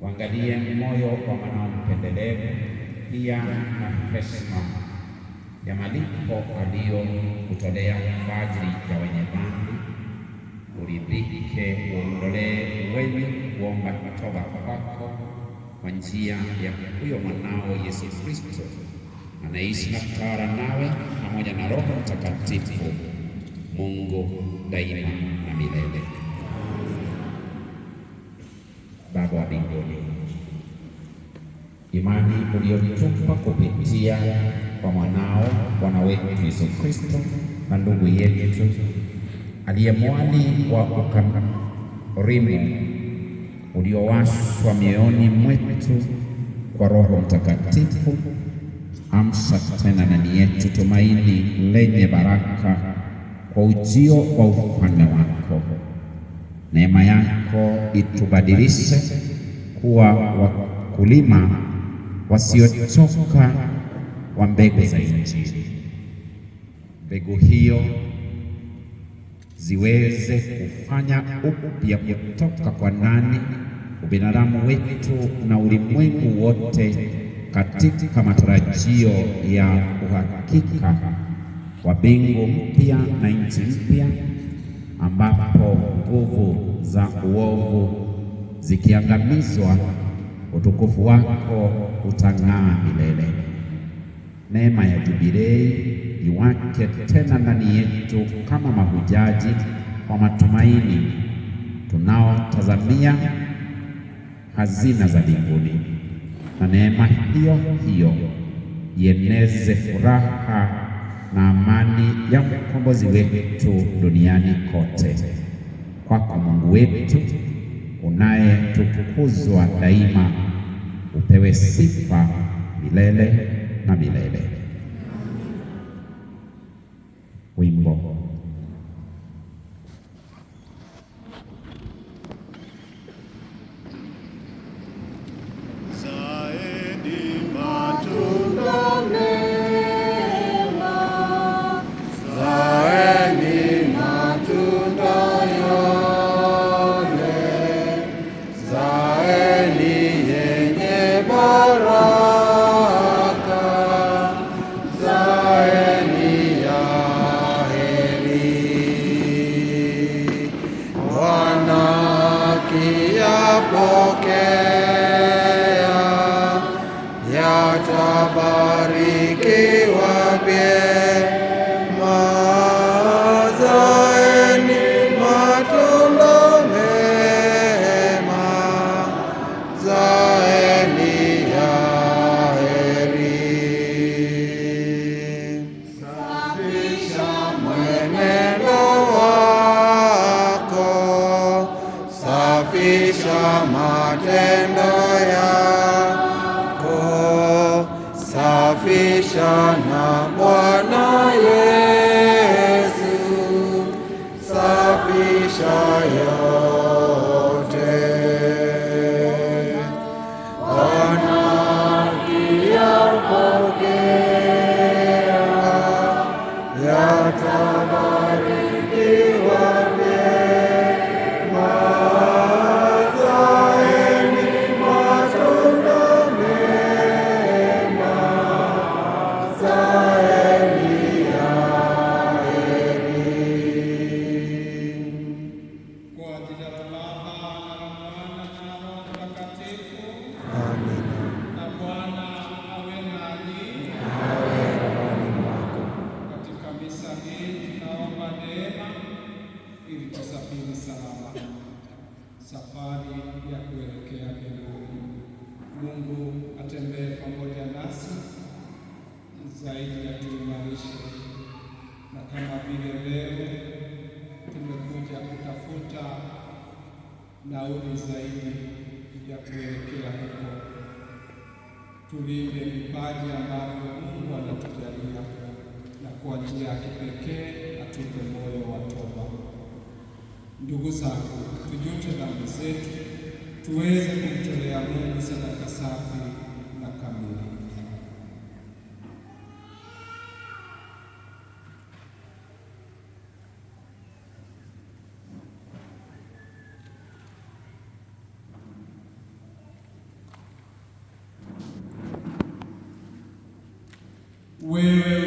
Waangalie moyo wa wanaompendelea, pia na heshima ya malipo aliyokutolea kwa ajili ya wenye dhambi. Uridhike, uondolee wenye kuomba toba kwako kwa njia ya huyo mwanao Yesu Kristo, anaishi na kutawala nawe pamoja na Roho Mtakatifu, Mungu daima na milele. kwa mbinguni. Imani uliotupa kupitia kwa mwanao Bwana wetu Yesu Kristo na ndugu yetu aliye mwali wa ukarimu uliowashwa mioyoni mwetu kwa Roho Mtakatifu, amsha tena ndani yetu tumaini lenye baraka kwa ujio wa ufalme wako Neema yako itubadilishe kuwa wakulima wasiochoka wa mbegu za Injili. Mbegu hiyo ziweze kufanya upya kutoka kwa ndani ubinadamu wetu na ulimwengu wote katika matarajio ya uhakika wa mbingu mpya na nchi mpya ambapo nguvu za uovu zikiangamizwa, utukufu wako utang'aa milele. Neema ya Jubilei iwake tena ndani yetu kama mahujaji wa matumaini tunaotazamia hazina za mbinguni, na neema hiyo hiyo ieneze furaha na amani ya mkombozi wetu duniani kote. Kwako Mungu wetu unayetukuzwa daima, upewe sifa milele na milele. Okay. mapendo yako, safishana Bwana Yesu, safisha yo atembee pamoja nasi zaidi, atuimarishe, na kama vile leo tumekuja kutafuta nauli zaidi ya kuelekea huko, tulinde vipaji ambavyo Mungu anatujalia na kwa njia ya kipekee atupe moyo wa toba. Ndugu zangu, tujute dhambi zetu tuweze kumtolea Mungu sadaka safi na kamili. wewe